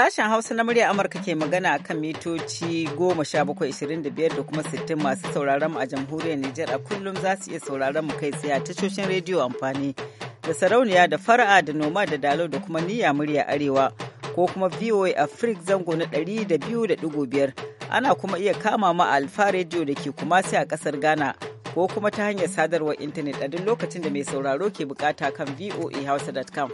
Sashen Hausa na murya Amurka ke magana kan mitoci 1725 da kuma 60 masu sauraron mu a jamhuriyar Nijar a kullum za su iya sauraron mu kai tsaye a tashoshin rediyo amfani da sarauniya da fara'a da noma da dalo da kuma niyya murya arewa ko kuma VOA afrik zango na 200.5 ana kuma iya kama ma alfa rediyo da ke kuma sai a kasar Ghana ko kuma ta hanyar sadarwar intanet a duk lokacin da mai sauraro ke bukata kan voahausa.com.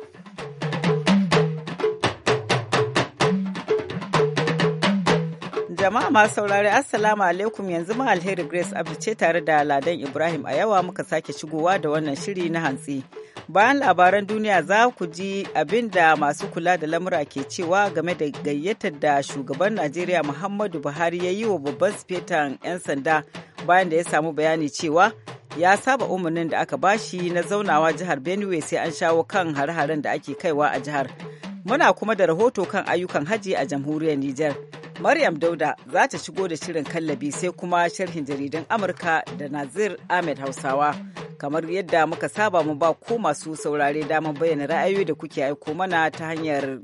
jama'a masu saurari assalamu alaikum yanzu ma alheri grace ce tare da ladan ibrahim a yawa muka sake shigowa da wannan shiri na hantsi bayan labaran duniya za ku ji abin da masu kula da lamura ke cewa game da gayyatar da shugaban najeriya muhammadu buhari ya yi wa babban sifetan 'yan sanda bayan da ya samu bayani cewa ya saba umarnin da aka bashi na zaunawa jihar benue sai an shawo kan hare-haren da ake kaiwa a jihar muna kuma da rahoto kan ayyukan haji a jamhuriyar niger Maryam Dauda za ta shigo da shirin kallabi sai kuma sharhin jaridan Amurka da Nazir Ahmed Hausawa. Kamar yadda muka saba mu ba ko masu saurare damar bayyana ra'ayoyi da kuke aiko mana ta hanyar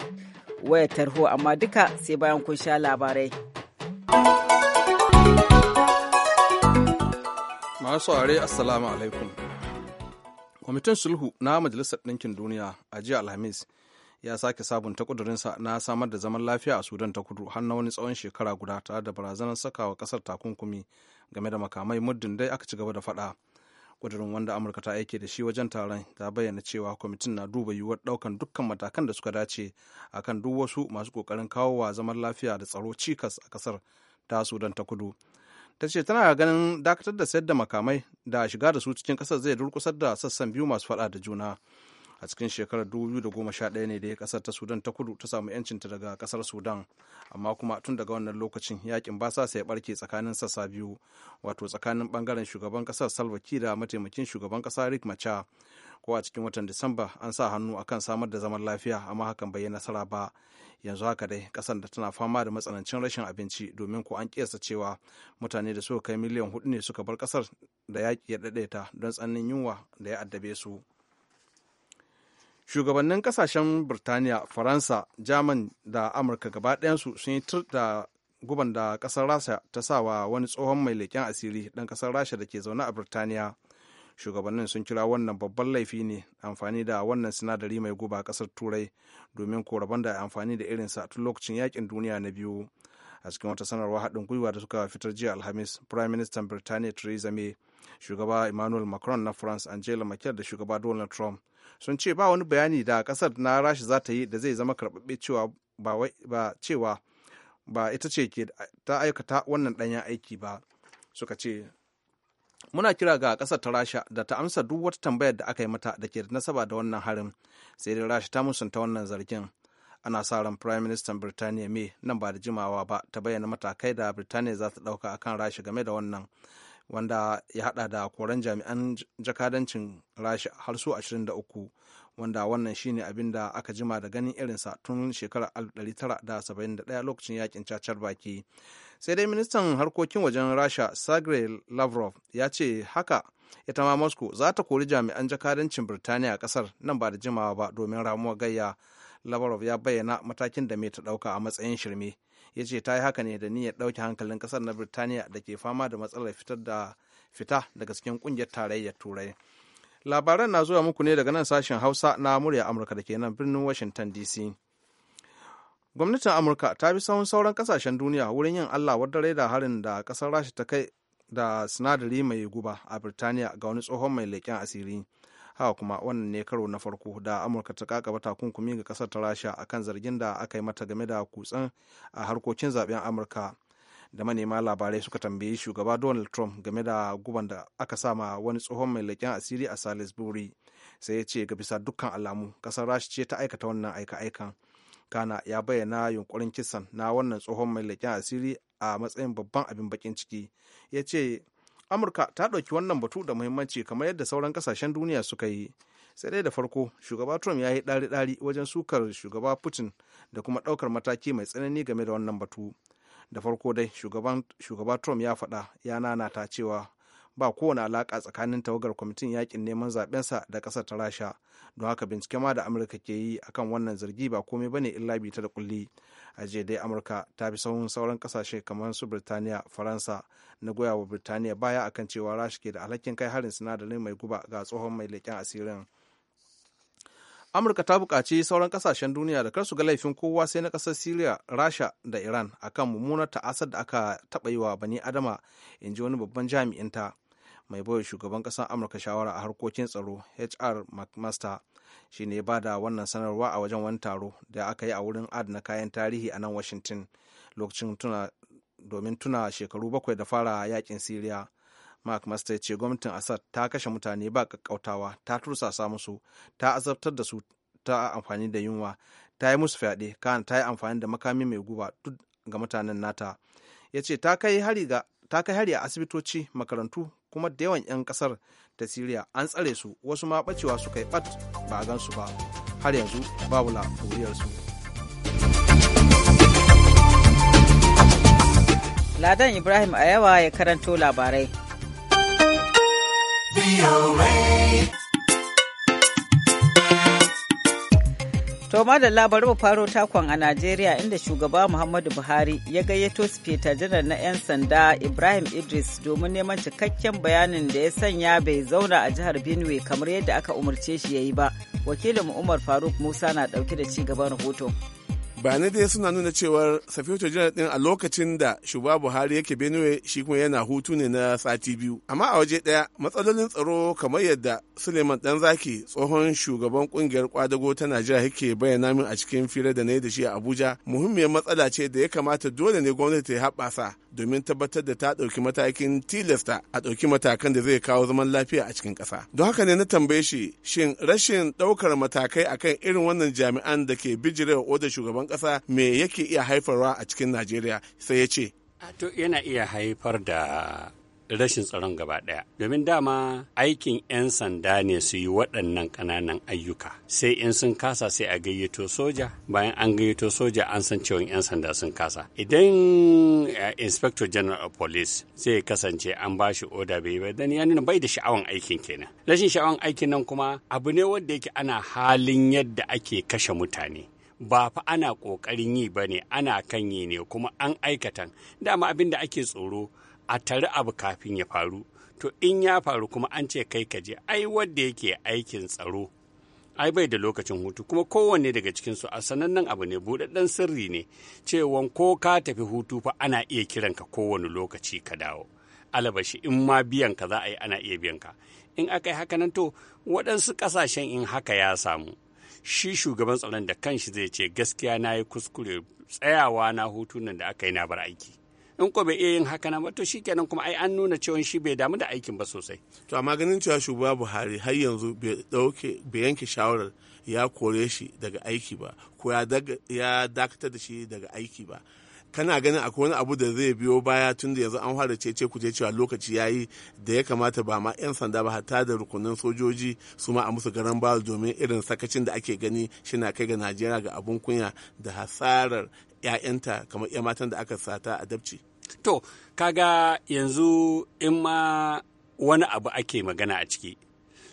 wayar tarho amma duka sai bayan kun sha labarai. Masu are Assalamu alaikum. Kwamitin Sulhu na Majalisar Ɗinkin Duniya a jiya Alhamis ya sake sabunta kudurinsa na samar da zaman lafiya a sudan ta kudu har na wani tsawon shekara guda tare da barazanar sakawa kasar takunkumi game da makamai muddin dai aka ci gaba da fada kudurin wanda amurka ta aike da shi wajen taron ta bayyana cewa kwamitin na duba yiwuwar daukan dukkan matakan da suka dace akan duk wasu masu kokarin kawo wa zaman lafiya da tsaro cikas a kasar ta sudan ta kudu ta ce tana ganin dakatar da sayar da makamai da shiga da su cikin kasar zai durkusar da sassan biyu masu fada da juna a cikin shekarar 2011 ne da kasar ta sudan ta kudu ta samu yancinta daga kasar sudan amma kuma tun daga wannan lokacin yakin sa ya barke tsakanin sassa biyu wato tsakanin bangaren shugaban kasar salva da mataimakin shugaban kasa rick macha ko a cikin watan disamba an sa hannu akan samar da zaman lafiya amma hakan bai yi nasara ba yanzu haka dai kasar da tana fama da matsanancin rashin abinci domin ko an kiyasta cewa mutane da suka kai miliyan hudu ne suka bar kasar da yaƙi ya daidaita don tsananin yunwa da ya addabe su. shugabannin kasashen birtaniya faransa jaman da amurka gaba ɗayansu sun yi tur da guban da ƙasar rasha ta sa wa wani tsohon mai leƙen asiri ɗan ƙasar rasha da ke zaune a birtaniya shugabannin sun kira wannan babban laifi ne amfani da wannan sinadari mai guba a ƙasar turai domin koraban da amfani da irinsa tun lokacin yakin duniya na biyu a cikin wata sanarwa haɗin gwiwa da suka fitar jiya alhamis prime minister birtaniya theresa may shugaba emmanuel macron na france angela merkel da shugaba donald trump sun ce ba wani bayani da kasar na rashi za ta yi da zai zama karɓaɓɓe cewa ba cewa ba ita ce ke ta aikata wannan ɗanyen aiki ba suka ce muna kira ga ƙasar ta rasha da ta amsa duk wata tambayar da aka yi mata da ke da nasaba da wannan harin sai dai rasha ta musanta wannan zargin ana sa ran prime minister birtaniya may nan ba da jimawa ba ta bayyana matakai da birtaniya za ta ɗauka akan rasha game da wannan wanda ya hada da koren jami'an jakadancin rasha har su 23 wanda wannan shine abin da aka jima da ganin irinsa tun shekarar 1971 lokacin yakin cacar baki sai dai ministan harkokin wajen rasha sagre lavrov ya ce haka ita ma moscow za ta kori jami'an jakadancin birtaniya a kasar nan ba da jimawa ba domin ramuwa gayya lavrov ya bayyana matakin da mai ta dauka a matsayin shirme ya ce ta yi haka ne da niyyar ɗauke hankalin ƙasar na birtaniya da ke fama da matsalar fitar da fita daga cikin ƙungiyar tarayyar turai labaran na zuwa muku ne daga nan sashen hausa na murya amurka da ke nan birnin washington dc gwamnatin amurka ta bi sahun sauran ƙasashen duniya wurin yin allah wadda da harin da kasar rasha ta kai da sinadari mai guba a birtaniya ga wani tsohon mai leƙen asiri haka kuma wannan ne karo na farko da amurka ta kakaba takunkumi ga kasar ta rasha akan zargin da aka yi mata game da kutsen a harkokin zaɓen amurka da manema labarai suka tambayi shugaba donald trump game da guban da aka sama wani tsohon mai leƙen asiri a salisbury sai ya ce ga bisa dukkan alamu kasar rasha ce ta aikata wannan aika-aikan kana ya bayyana yunkurin kisan na wannan tsohon mai leƙen asiri a matsayin babban abin bakin ciki ya ce amurka ta ɗauki wannan batu da muhimmanci kamar yadda sauran kasashen duniya suka yi sai dai da farko shugaba trump ya yi ɗari-ɗari wajen sukar shugaba putin da kuma ɗaukar mataki mai tsanani game da wannan batu da farko dai shugaba trump ya faɗa ya nanata cewa ba kowane alaka tsakanin tawagar kwamitin yakin neman zaɓensa da ƙasar ta rasha don haka bincike ma da amurka ke yi akan wannan zargi ba komai bane illa bi ta da kulli a jiya dai amurka ta fi sauran sauran ƙasashe kamar su birtaniya faransa na goya wa birtaniya baya akan cewa rasha ke da alhakin kai harin sinadarin mai guba ga tsohon mai leƙen asirin amurka ta buƙaci sauran ƙasashen duniya da kar su ga laifin kowa sai na ƙasar syria rasha da iran akan mummunar ta'asar da aka taɓa yi wa bani adama in ji wani babban jami'inta mai baiwa shugaban ƙasar amurka shawara a harkokin tsaro hr mcmaster shi ne ba da wannan sanarwa a wajen wani taro da aka yi a wurin adana kayan tarihi a nan washington lokacin tuna domin tuna shekaru bakwai da fara yakin siriya mark master ce gwamnatin assad ta kashe mutane ba kakkautawa ta tursasa musu ta azabtar da su ta amfani da yunwa ta yi musu fyaɗe kan ta yi amfani da makami mai guba duk ga mutanen nata ya ce ta kai hari a asibitoci makarantu kuma da yawan 'yan kasar ta siriya an tsare su wasu ma bacewa su yi bat ba a gansu ba har yanzu babu laburiyarsu ladan ibrahim a yawa ya karanto labarai To da bari mu faro takon a Najeriya inda shugaba Muhammadu Buhari ya gayyato sifeta janar na 'yan sanda Ibrahim Idris domin neman cikakken bayanin da ya sanya bai zauna a jihar Benue kamar yadda aka umarce shi ya yi ba. Wakilin Umar Faruk Musa na ɗauke da ci gaban rahoton. bayanai dai suna nuna cewar safiyoto janar din a lokacin da Shuba buhari yake benue shi kuma yana hutu ne na sati biyu amma a waje daya matsalolin tsaro kamar yadda suleiman dan zaki tsohon shugaban kungiyar kwadago ta najeriya yake bayyana min a cikin fira da na yi da shi a abuja muhimmiyar matsala ce da ya kamata dole ne gwamnati ta yi haɓasa domin tabbatar da ta ɗauki matakin tilasta a ɗauki matakan da zai kawo zaman lafiya a cikin ƙasa. Don haka ne na tambaye shi shin rashin ɗaukar matakai akan irin wannan jami'an da ke bijirewa odar shugaban ƙasa me yake iya haifarwa a cikin najeriya sai ya ce to yana iya haifar da rashin tsaron gaba ɗaya domin dama aikin 'yan sanda ne su yi waɗannan ƙananan ayyuka sai in sun kasa sai a gayyato soja bayan an gayyato soja an san cewa 'yan sanda sun kasa idan eh, inspector general of police zai kasance an ba shi oda bai ba. dan ya nuna bai da sha'awan aikin kenan rashin sha'awan aikin nan kuma abu ne wanda yake ana halin yadda ake kashe mutane ba fa ana ƙoƙarin yi ba ne ana kan yi ne kuma an aikatan dama abin da ake tsoro a tare abu kafin ya faru to in ya faru kuma an ce kai ka je ai wanda yake aikin tsaro ai bai da lokacin hutu kuma kowanne daga cikinsu a sanannen abu ne buɗaɗɗen sirri ne Cewa ko ka tafi hutu fa ana iya kiranka kowane lokaci ka dawo alabashi in ma biyan ka za a yi ana iya biyan ka in aka yi haka nan to waɗansu ƙasashen in haka ya samu shi shugaban tsaron da kanshi zai ce gaskiya na yi kuskure tsayawa na hutunan da aka yi na bar aiki in ko bai iya yin haka na ba to shikenan kuma ai an nuna cewa shi bai damu da aikin ba sosai to amma ganin cewa shugaba Buhari har yanzu bai dauke bai yanke shawarar ya kore shi daga aiki ba ko ya dakatar da shi daga aiki ba kana ganin akwai wani abu da zai biyo baya tunda yanzu an fara cece ku cewa lokaci ya yi da ya kamata ba ma 'yan sanda ba hatta da rukunin sojoji su ma a musu garan ba domin irin sakacin da ake gani shina kai ga najeriya ga abun kunya da hasarar 'ya'yanta kamar 'yan matan da aka sata a dabci to kaga yanzu in ma wani abu ake magana a ciki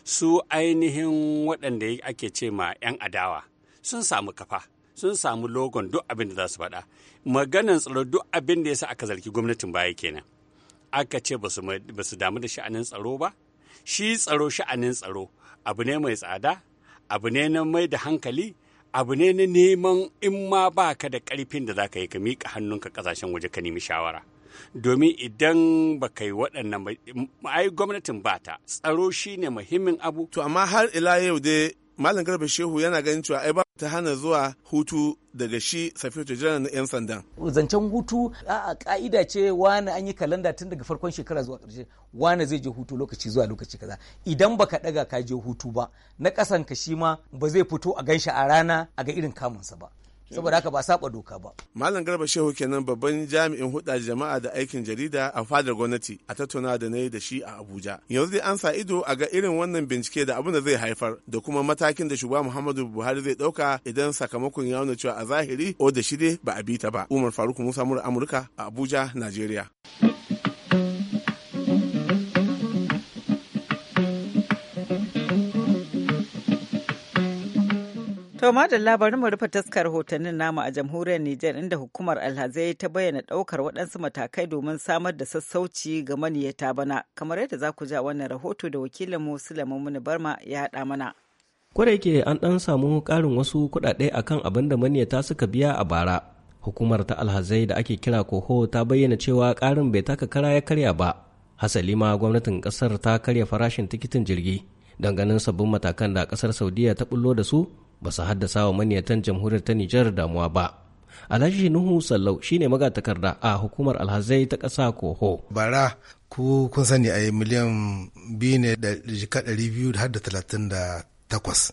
su ainihin waɗanda ake ce ma 'yan adawa sun samu kafa sun samu logon duk abin da za su faɗa maganan tsaro duk abin da ya sa aka zargi gwamnatin baya kenan aka ce ba su damu da sha'anin tsaro ba shi tsaro sha'anin tsaro abu ne mai tsada abu ne na mai da hankali abu ne na neman in ma ba ka da ƙarfin da za ka yi ka miƙa ka ƙasashen waje ka nemi shawara domin idan ba ka yi waɗannan ai gwamnatin ba ta tsaro shi ne muhimmin abu to amma har ila yau dai malam garba shehu yana ganin cewa ai ba ta hana zuwa hutu daga shi safiyatu jiran na 'yan sandan. zancen hutu a ka'ida ce wani an yi kalanda tun daga farkon shekara zuwa karshe wani zai je hutu lokaci zuwa lokaci kaza idan baka daga ka je hutu ba na kasan ka shi ma ba zai fito a ganshi a rana a ga irin kamunsa ba saboda haka ba saba doka ba malam garba shehu kenan babban jami'in huda jama'a da aikin jarida a fadar gwamnati a tattauna da na yi da shi a abuja yanzu dai an sa ido a ga irin wannan bincike da abin da zai haifar da kuma matakin da shugaba muhammadu buhari zai dauka idan sakamakon ya nuna cewa a zahiri o da shi dai ba a bi ta ba umar faruk musa mura amurka a abuja najeriya To da labarin mu rufe taskar hotannin namu a jamhuriyar Nijar inda hukumar alhazai ta bayyana daukar waɗansu matakai domin samar da sassauci ga maniyata bana kamar yadda za ku ja wannan rahoto da wakilin mu Sulaiman Barma ya haɗa mana. Kwarai ke an ɗan samu ƙarin wasu kuɗaɗe akan abin da maniyata suka biya a bara. Hukumar ta alhazai da ake kira koho ta bayyana cewa ƙarin bai taka kara ya karya ba. Hasali ma gwamnatin ƙasar ta karya farashin tikitin jirgi. ganin sabbin matakan da ƙasar Saudiya ta bullo da su ba su haddasa wa maniyatan jamhuriyar ta Nijar damuwa ba. Alhaji Nuhu Sallau shine magatakarda a hukumar alhazai ta ƙasa Koho. Bara ku kun sani a yi miliyan biyu ne da jika ɗari biyu har da talatin da takwas.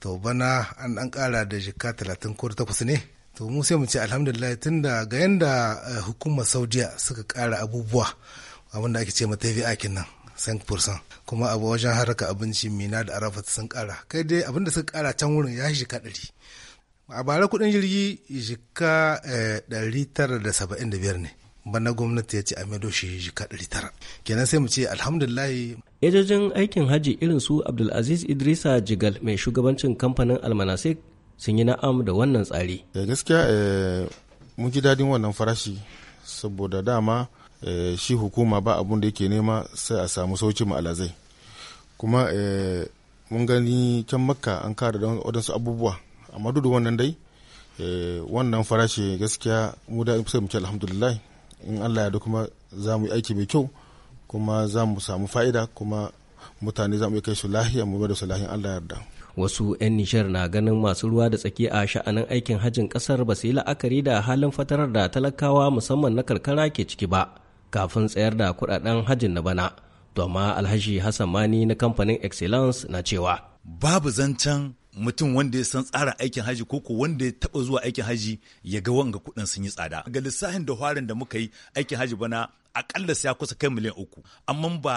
To bana an ɗan ƙara da jika talatin ko da takwas ne. To mu sai mu ce alhamdulillah tun da ga yanda eh, hukumar Saudiya suka ƙara abubuwa abin da ake ce ma TVA kenan. 5% kuma abu wajen haraka abinci mina da arafat sun kara kai dai abin da suka kara can wurin ya shi jika a bara kudin jirgi jika eh, ɗari tara da saba'in da biyar ne bana gwamnati ya ce a maido shi jika ɗari tara kenan sai mu ce alhamdulillahi ejojin aikin haji irin su abdulaziz idrisa jigal mai shugabancin kamfanin almanasik sun yi na'am da wannan tsari eh, gaskiya eh, mun ji dadin wannan farashi saboda dama Eh, shi hukuma ba abun da yake nema sai a samu sauci alazai kuma eh, mun gani can makka an kara da wadansu abubuwa amma duk wannan dai eh, wannan farashi gaskiya mu da sai mu alhamdulillah in Allah ya da kuma za mu yi aiki mai kyau kuma za mu samu fa'ida kuma mutane za mu kai su lahiya mu da su lahiyan Allah yarda. Wasu 'yan Nijar na ganin masu ruwa da tsaki a sha'anin aikin hajjin kasar ba su yi la'akari da halin fatarar da talakawa musamman na karkara ke ciki ba. kafin tsayar da kudaden hajjin na bana to amma alhaji hassan mani na kamfanin excellence na cewa babu zancen mutum wanda ya san tsara aikin haji ko wanda ya taba zuwa aikin haji ya ga wanga kudin sun yi tsada ga lissafin da harin da muka yi aikin haji bana akalla sai ya kusa kai miliyan uku amma ba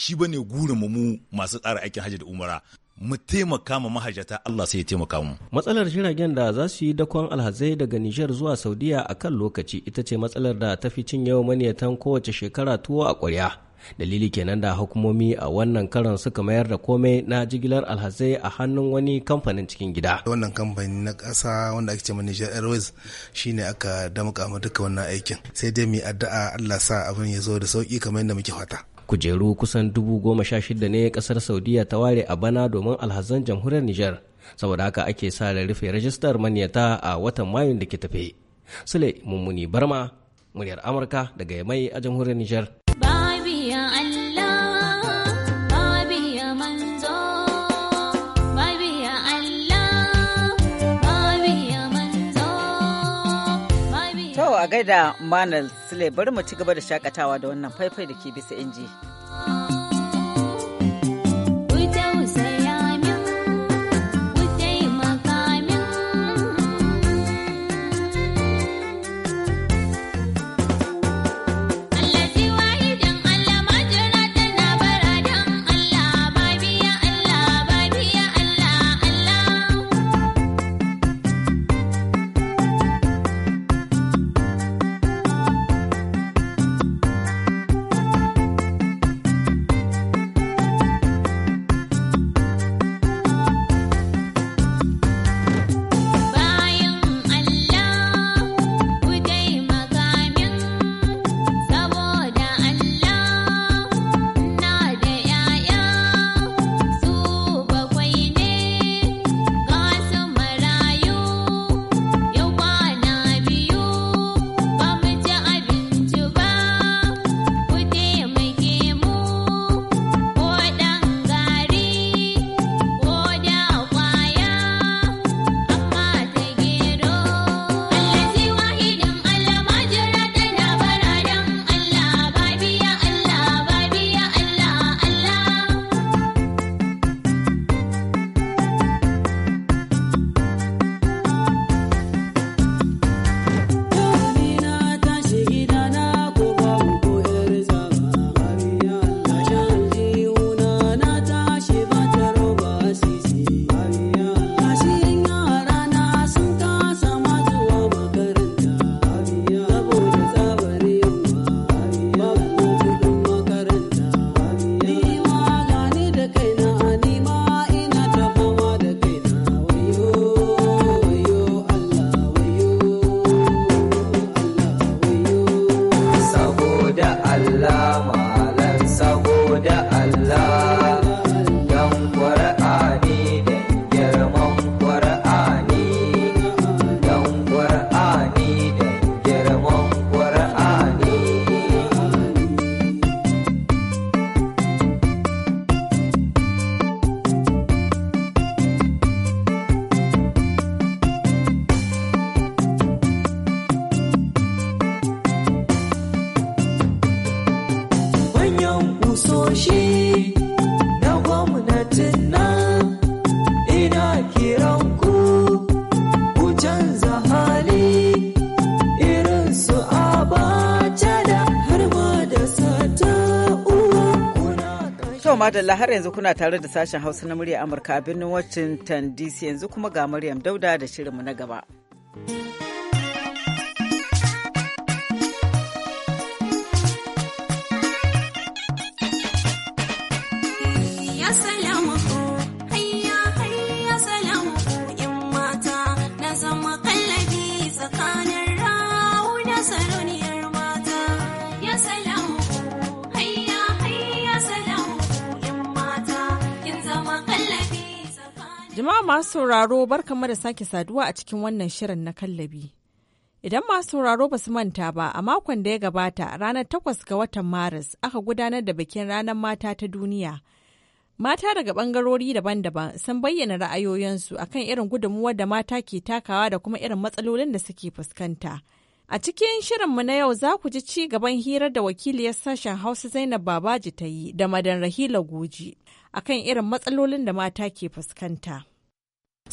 shi bane gurin mu masu tsara aikin haji da umara mu taimaka ma mahajata Allah sai ya taimaka mu. Matsalar jiragen da za su yi dakon alhazai daga Nijar zuwa Saudiya a kan lokaci ita ce matsalar da ta fi cin yawan maniyatan kowace shekara tuwo a ƙwarya. Dalili kenan da hukumomi a wannan karan suka mayar da komai na jigilar alhazai a hannun wani kamfanin cikin gida. Wannan kamfani na ƙasa wanda ake ce ma Niger Airways shine aka damƙa mu duka wannan aikin. Sai dai mu yi addu'a Allah sa abin ya zo da sauki kamar yadda muke fata. kujeru kusan dubu goma sha shida ne kasar saudiya ta ware a bana domin alhazan jamhuriyar nijar saboda haka ake sa da rufe rajistar manyata a watan mayun da ke tafe sule mummuni barma muryar amurka daga mai a jamhuriyar nijar a gaida Manal Sule bari mu ci gaba da shakatawa da wannan faifai da ke bisa inji. To madalla har yanzu kuna tare da sashen Hausa na murya Amurka a birnin Washington DC yanzu kuma ga Maryam Dauda da shirinmu na gaba. Jama'a masu sauraro barkanmu da sake saduwa a cikin wannan shirin na kallabi. Idan masu sauraro ba su manta ba a makon da ya gabata ranar takwas ga watan Maris aka gudanar da bikin ranar mata ta duniya. Mata daga bangarori daban-daban sun bayyana ra'ayoyinsu akan irin gudunmuwar da mata ke takawa da kuma irin matsalolin da suke fuskanta. A cikin shirin mu na yau za ku ji ci gaban hirar da wakiliyar sashen Hausa Zainab Babaji ta yi da Madan Rahila Goji akan irin matsalolin da mata ke fuskanta.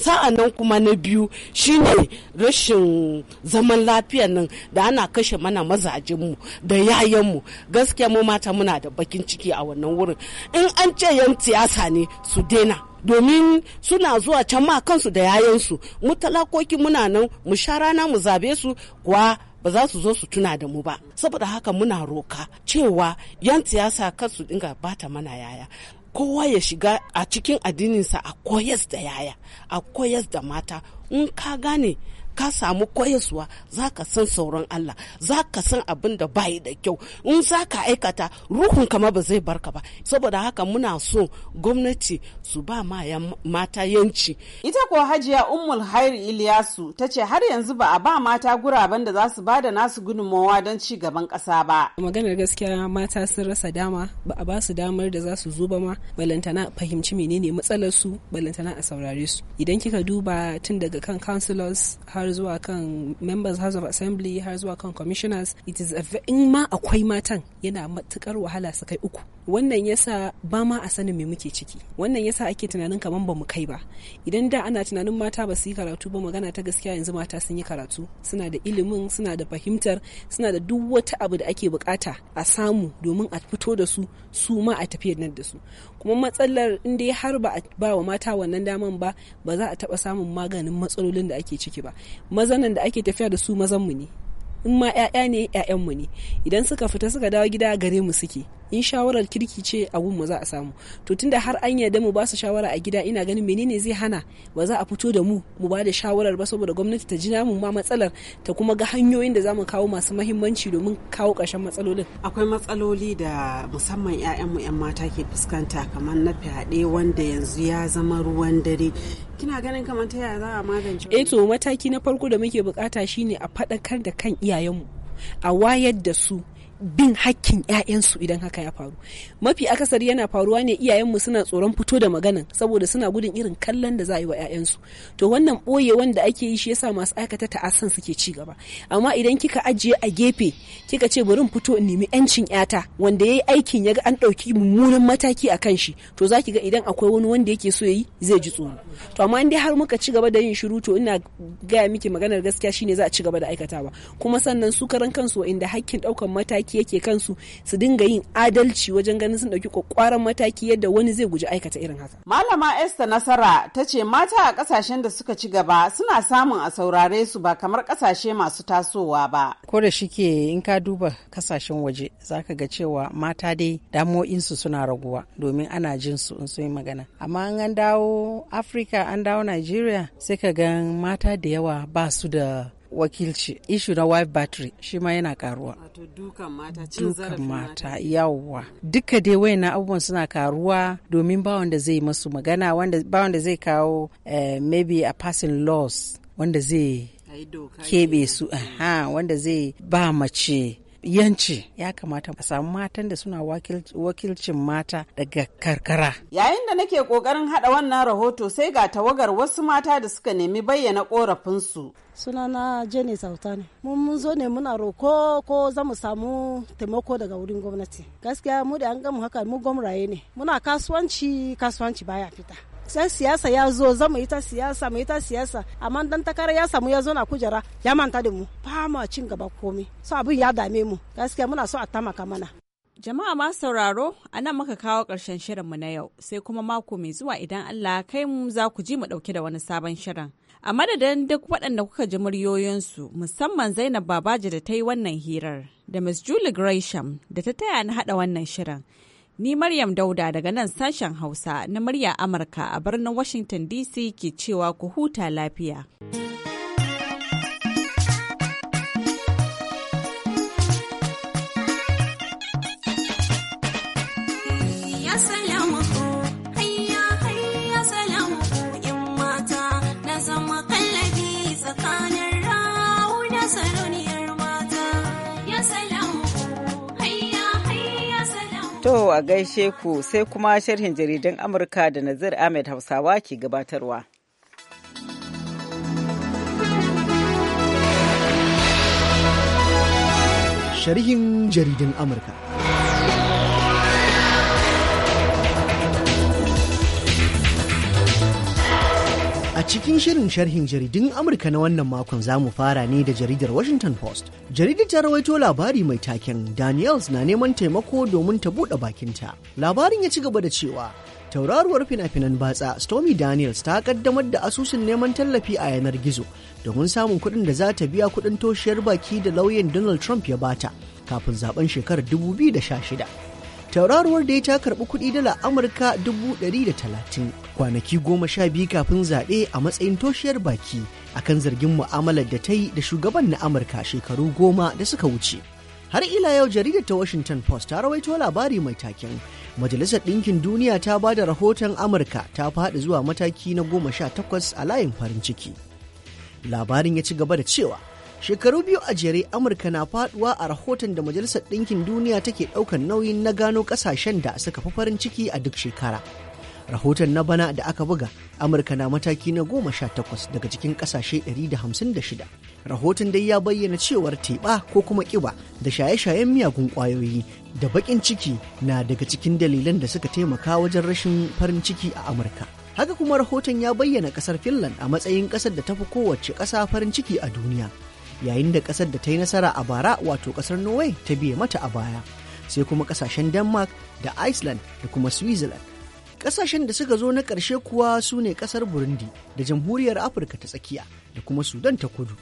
sa'a nan kuma na biyu shine rashin zaman lafiya nan da ana kashe mana mu da yayanmu gaskiya mu mata muna da bakin ciki a wannan wurin in an ce yan siyasa ne su daina domin suna zuwa can ma kansu da yayansu mu talakoki muna nan mu sha rana mu zabe su kuwa ba za su zo su tuna da mu ba saboda haka muna roka cewa yan siyasa kansu dinga bata mana yaya kowa ya shiga a cikin addininsa a koyas da yaya a koyas da mata in ka gane ka samu koyaswa za ka san sauran Allah za ka san abin da bayi da kyau in za ka aikata ruhun kama ba zai barka ba saboda haka muna so gwamnati su ba ma mata yanci ita ko hajiya ummul hairi iliyasu ta ce har yanzu ba a ba mata guraben da za su ba da nasu gudunmawa don ci gaban ƙasa ba maganar gaskiya mata sun rasa dama ba a ba su damar da za su zo ba ma balantana fahimci menene matsalar su balantana a saurare su idan kika duba tun daga kan councilors har har zuwa kan members house of assembly har zuwa kan commissioners it is a in ma akwai matan yana matukar wahala su kai uku wannan yasa ba ma a sanin me muke ciki wannan yasa ake tunanin kamar ba mu kai ba idan da ana tunanin mata ba su yi karatu ba magana ta gaskiya yanzu mata sun yi karatu suna da ilimin suna da fahimtar suna da duk wata abu da ake bukata a samu domin a fito da su su ma a tafiya nan da su kuma matsalar in dai har ba a ba wa mata wannan daman ba ba za a taba samun maganin matsalolin da ake ciki ba mazanan da ake tafiya da su mazan mu ne in ma 'ya'ya ne 'ya'yan mu ne idan suka fita suka dawo gida gare mu suke in shawarar kirki ce a mu za a samu to tunda har an yarda mu ba su shawara a gida ina ganin menene zai hana ba za a fito da mu mu ba da shawarar ba saboda gwamnati ta ji namu ma matsalar ta kuma ga hanyoyin da za mu kawo masu mahimmanci domin kawo ƙarshen matsalolin akwai matsaloli da musamman mu 'yan mata ke fuskanta kamar na fyaɗe wanda yanzu ya zama ruwan dare kina ganin kamar ta yaya za a magance eh to mataki na farko da muke bukata shine a faɗakar da kan iyayenmu a wayar da su bin hakkin 'ya'yansu idan haka ya faru mafi akasari yana faruwa ne iyayenmu suna tsoron fito da maganan saboda suna gudun irin kallon da za a yi wa 'ya'yansu to wannan ɓoye wanda ake yi shi yasa masu aikata ta ta'asan suke ci gaba amma idan kika ajiye a gefe kika ce bari fito in nemi 'yancin 'yata wanda ya yi aikin ya ga an ɗauki mummunan mataki a kan shi to za ki ga idan akwai wani wanda yake so ya yi zai ji tsoro to amma in dai har muka ci gaba da yin shiru to ina gaya miki maganar gaskiya shine za a ci gaba da aikatawa kuma sannan su karan kansu inda hakkin ɗaukan mataki mataki yake kansu su dinga yin adalci wajen ganin sun dauki kwakwaran mataki yadda wani zai guji aikata irin haka. Malama Esther Nasara ta ce mata a kasashen da suka ci gaba suna samun a saurare su ba kamar kasashe masu tasowa ba. Ko da shike in ka duba kasashen waje zaka ga cewa mata dai damo'insu suna raguwa domin ana jin su in sun yi magana. Amma an dawo Afirka an dawo nigeria sai ka ga mata da yawa ba su da wakilci ishu na wife battery shi ma yana karuwa dukan mata yawwa duka dai na abubuwan suna karuwa domin ba wanda zai masu magana ba wanda zai kawo eh, maybe a passing laws wanda zai kebe su aha wanda zai ba mace yanci ya kamata a samu matan da suna wakilcin mata daga karkara. Yayin da nake kokarin hada wannan rahoto sai ga tawagar wasu mata da suka nemi bayyana korafinsu. sunana jenny sauta ne mun zo ne muna roko ko za mu samu taimako daga wurin gwamnati gaskiya mu da an gamu haka mu gwamraye ne muna kasuwanci kasuwanci baya fita sai siyasa ya zo za mu ta siyasa mu yi ta siyasa amma dan takara ya samu ya zo na kujera ya manta da mu ba mu cin gaba komai so abin ya dame mu gaskiya muna so a tamaka mana Jama'a ma sauraro, a nan muka kawo ƙarshen mu na yau, sai kuma mako mai zuwa idan Allah kai mu za ku ji mu ɗauke da wani sabon shirin. A madadin duk waɗanda kuka ji muryoyinsu, musamman Zainab Babaji da ta yi wannan hirar, da Miss Julie Gresham da ta taya ni haɗa wannan shirin. Ni Maryam Dauda daga nan sashen Hausa na murya Amurka a birnin Washington DC ke cewa ku huta lafiya. To a gaishe ku sai kuma sharhin jaridan Amurka da Nazir Ahmed Hausawa ke gabatarwa. Sharhin jaridan Amurka. cikin shirin sharhin jaridun Amurka na wannan makon za mu fara ne da jaridar Washington Post. Jaridar ta rawaito labari mai taken Daniels na neman taimako domin ta buɗe bakinta. Labarin ya ci gaba da cewa tauraruwar fina-finan batsa Stormy Daniels ta kaddamar da asusun neman tallafi a yanar gizo domin samun kuɗin da za ta biya kuɗin toshiyar baki da lauyan Donald Trump ya bata kafin zaben shekarar 2016. tauraruwar dai ta karɓi kuɗi dala amurka dubu ɗari da talatin kwanaki goma sha biyu kafin zaɓe a matsayin toshiyar baki akan zargin mu'amalar da ta yi da shugaban na amurka shekaru goma da suka wuce har ila yau jaridar ta washington post ta rawaito labari mai taken majalisar ɗinkin duniya ta ba da rahoton amurka ta faɗi zuwa mataki na goma sha takwas a layin farin ciki labarin ya ci gaba da cewa shekaru biyu a jere amurka na faduwa a rahoton da majalisar ɗinkin duniya take ɗaukar nauyin na gano ƙasashen da suka fi farin ciki a duk shekara rahoton na bana da aka buga amurka na mataki na goma sha takwas daga cikin ƙasashe shida. rahoton dai ya bayyana cewar teɓa ko kuma ƙiba da shaye-shayen miyagun ƙwayoyi da baƙin ciki na daga cikin dalilan da suka taimaka wajen rashin farin ciki a amurka haka kuma rahoton ya bayyana ƙasar finland a matsayin ƙasar da ta fi kowace ƙasa farin ciki a duniya yayin da ƙasar da ta yi nasara a bara wato ƙasar norway ta biye mata a baya sai kuma ƙasashen denmark da iceland da kuma switzerland ƙasashen da suka zo na ƙarshe kuwa su ne ƙasar burundi da jamhuriyar afirka ta tsakiya da kuma sudan ta kudu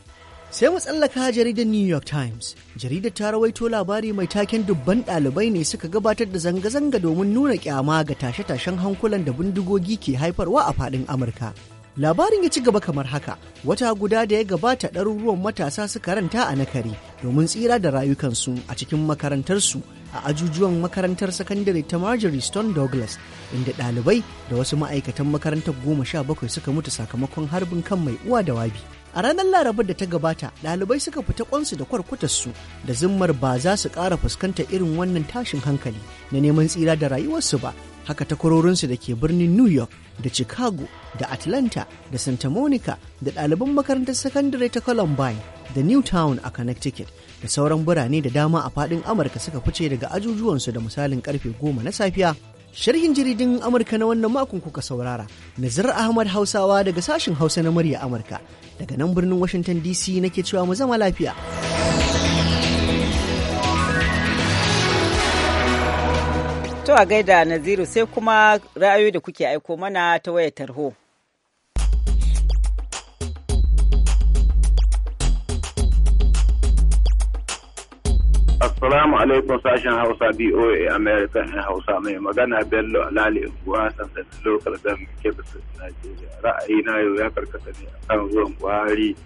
sai mu tsallaka jaridar new york times jaridar ta rawaito labari mai taken dubban ɗalibai ne suka gabatar da zanga-zanga domin nuna kyama ga tashe-tashen hankulan da bindigogi ke haifarwa a faɗin amurka labarin ya ci gaba kamar haka wata guda da ya gabata ɗaruruwan matasa suka ranta a nakari domin tsira da rayukansu a cikin makarantarsu a ajujuwan makarantar sakandare ta Marjorie Stone Douglas inda ɗalibai da wasu ma'aikatan makarantar goma sha bakwai suka mutu sakamakon harbin kan mai uwa da wabi. A ranar Larabar da ta gabata, ɗalibai suka fita kwansu da kwarkutarsu da zimmar ba za su ƙara fuskanta irin wannan tashin hankali na neman tsira da rayuwarsu ba, haka takwarorinsu da ke birnin New York da Chicago da Atlanta da Santa Monica da ɗaliban makarantar sakandare ta Columbine da Newtown a Connecticut da sauran birane da dama a faɗin Amurka suka fice daga ajujuwansu da misalin karfe goma na safiya Sharhin jaridin Amurka na wannan makon kuka saurara. Nazar Ahmad Hausawa daga sashin Hausa na murya Amurka. Daga nan birnin Washington DC nake cewa mu zama lafiya. To a gaida Naziru sai kuma ra'ayoyi da kuke aiko mana ta wayar tarho. Assalamu alaikum sashen Hausa BOA America in Hausa mai magana Bello Alali Uwa sandan local government Kebbi Najeriya. Ra'ayi na yau ya karkata ne a kan zuwan Buhari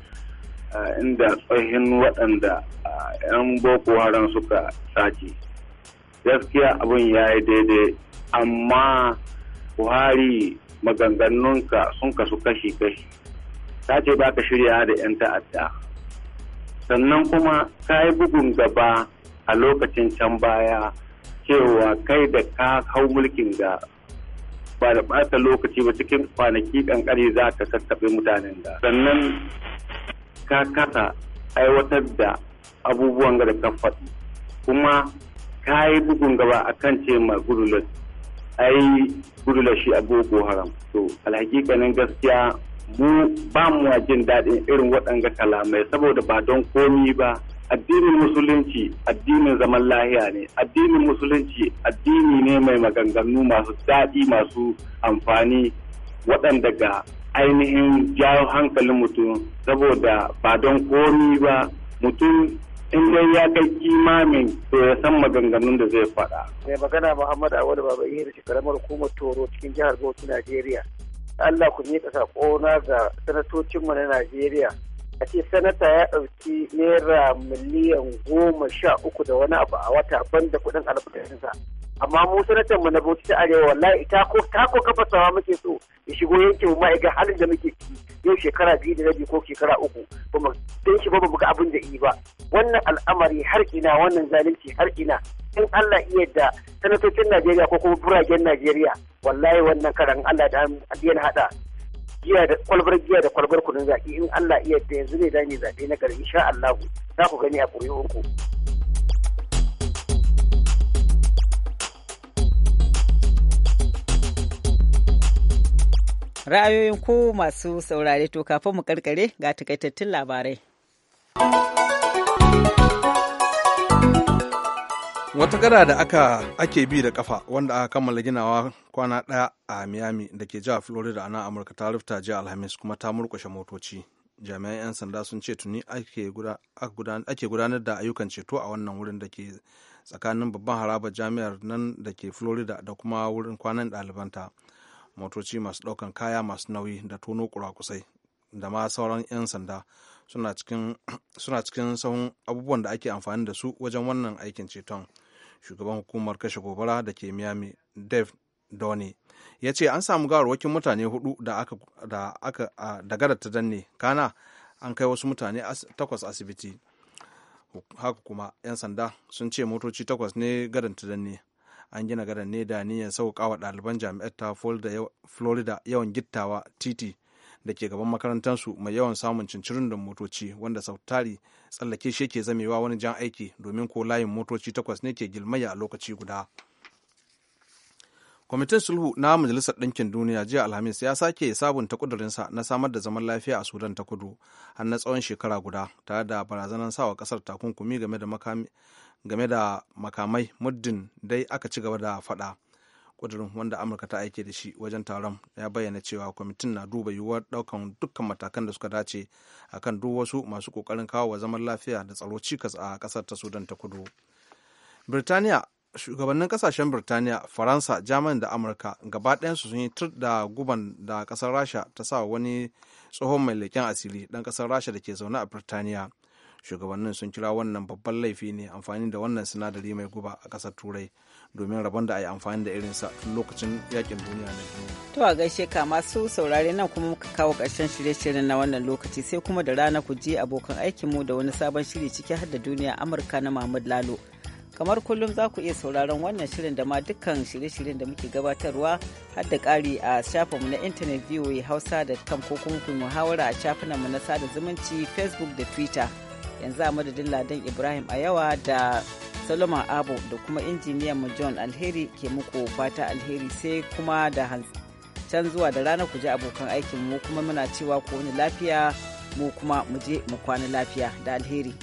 inda tsohin waɗanda 'yan Boko Haram suka sace. Gaskiya abun ya yi daidai amma Buhari maganganunka sun kasu kashi-kashi. Ta ce ba ka shirya da 'yan ta'adda. sannan kuma ka yi bugun gaba a lokacin can baya cewa kai da ka hau mulkin da ba da ɓata lokaci ba cikin kwanaki ƙanƙari za ka sassaɓe mutanen da sannan ka kasa aiwatar da abubuwan da ka faɗi kuma ka yi bugun gaba a kan ce ma gudulas ai gudulas shi a boko haram to alhakikanin gaskiya mu ba mu jin daɗin irin waɗanga kalamai saboda ba don komi ba addinin musulunci addinin zaman lahiya ne addinin musulunci addini ne mai maganganu masu daɗi masu amfani waɗanda ga ainihin jawo hankalin mutum saboda ba don komi ba mutum in dai ya kai kimamin to ya san maganganun da zai faɗa. mai magana muhammad awali baba iya shi karamar hukumar toro cikin jihar bauchi najeriya allah ku miƙa saƙona ga sanatocinmu na najeriya a ce sanata ya ɗauki naira miliyan goma sha uku da wani abu a wata banda kuɗin albarkacinsa amma mu sanatar mu na bauchi ta arewa wallahi ta ko ta ko kafasawa muke so ya shigo yankin ma ga halin da muke ciki yau shekara biyu da rabi ko shekara uku ba mu dan shi ba mu ga abin da yi ba wannan al'amari har ina wannan zalunci har ina in Allah iya da sanatocin Najeriya ko kuma buragen Najeriya wallahi wannan karan Allah da an hada jiya da kwalbar jiya da kwalbar kudin zaɓe in Allah iya da yanzu ne zane zaɓe na gari insha Allah za ku gani a ƙuri'unku. Ra'ayoyin ko masu saurare to kafin mu karkare ga takaitattun labarai. wata gada da aka ake bi da kafa wanda aka kammala ginawa kwana daya a miami da ke jihar florida a nan amurka ta rufta jiya alhamis kuma ta murkushe motoci jami'an 'yan sanda sun ce tuni ake gudanar da ayyukan ceto a wannan wurin da ke tsakanin babban harabar jami'ar nan da ke florida da kuma wurin kwanan ɗalibanta motoci masu ɗaukan kaya masu nauyi da tono kurakusai da ma sauran 'yan sanda suna cikin sahun abubuwan da ake amfani da su wajen wannan aikin ceton. shugaban hukumar kashe gobara da ke miami dave doni ya ce an samu gawarwakin mutane hudu da aka da aka da gada ta danne kana an kai wasu mutane takwas asibiti haka kuma 'yan sanda sun ce motoci takwas ne gadan ta danne an gina gadan ne da niyyar sauƙawa ɗaliban jami'ar ta florida yawan gittawa titi da ke gaban makarantarsu mai yawan samun cincirin da motoci wanda sautari tsallake shi ke zamewa wani jan aiki domin ko layin motoci takwas ne ke gilmaya a lokaci guda kwamitin sulhu na majalisar ɗinkin duniya jiya alhamis ya sake sabunta ƙudurinsa na samar da zaman lafiya a sudan ta kudu har na tsawon shekara guda tare da barazanar sawa kasar takunkumi game da makamai muddin dai aka ci gaba da faɗa kudurin wanda amurka ta aike da shi wajen taron ya bayyana cewa kwamitin na duba yiwuwar daukan dukkan matakan da suka dace akan duk wasu masu kokarin kawo wa zaman lafiya da tsaro cikas a kasar ta sudan ta kudu birtaniya shugabannin kasashen birtaniya faransa jamani da amurka gaba ɗayansu sun yi tur da guban da kasar rasha ta sa wani tsohon mai leken asiri dan kasar rasha da ke zaune a birtaniya shugabannin sun kira wannan babban laifi ne amfani da wannan sinadari mai guba a kasar turai domin rabon da a yi amfani da irinsa tun lokacin yakin duniya na biyu. To a gaishe ka masu saurare nan kuma muka kawo ƙarshen shirye-shiryen na wannan lokaci sai kuma da rana ku je abokan aikinmu da wani sabon shiri ciki har da duniya Amurka na Mahmud Lalo. Kamar kullum za ku iya sauraron wannan shirin da ma dukkan shirye-shiryen da muke gabatarwa har da ƙari a shafinmu na intanet hausa da kan ko kuma ku muhawara a shafinanmu na sada zumunci Facebook da Twitter. Yanzu a madadin Ladan Ibrahim a yawa da Salama abu da kuma injiniyan mu John Alheri ke muku fata alheri sai kuma da can zuwa da rana ku ji abokan aikin mu kuma muna cewa ku wani lafiya mu kuma mu je mu kwana lafiya da alheri.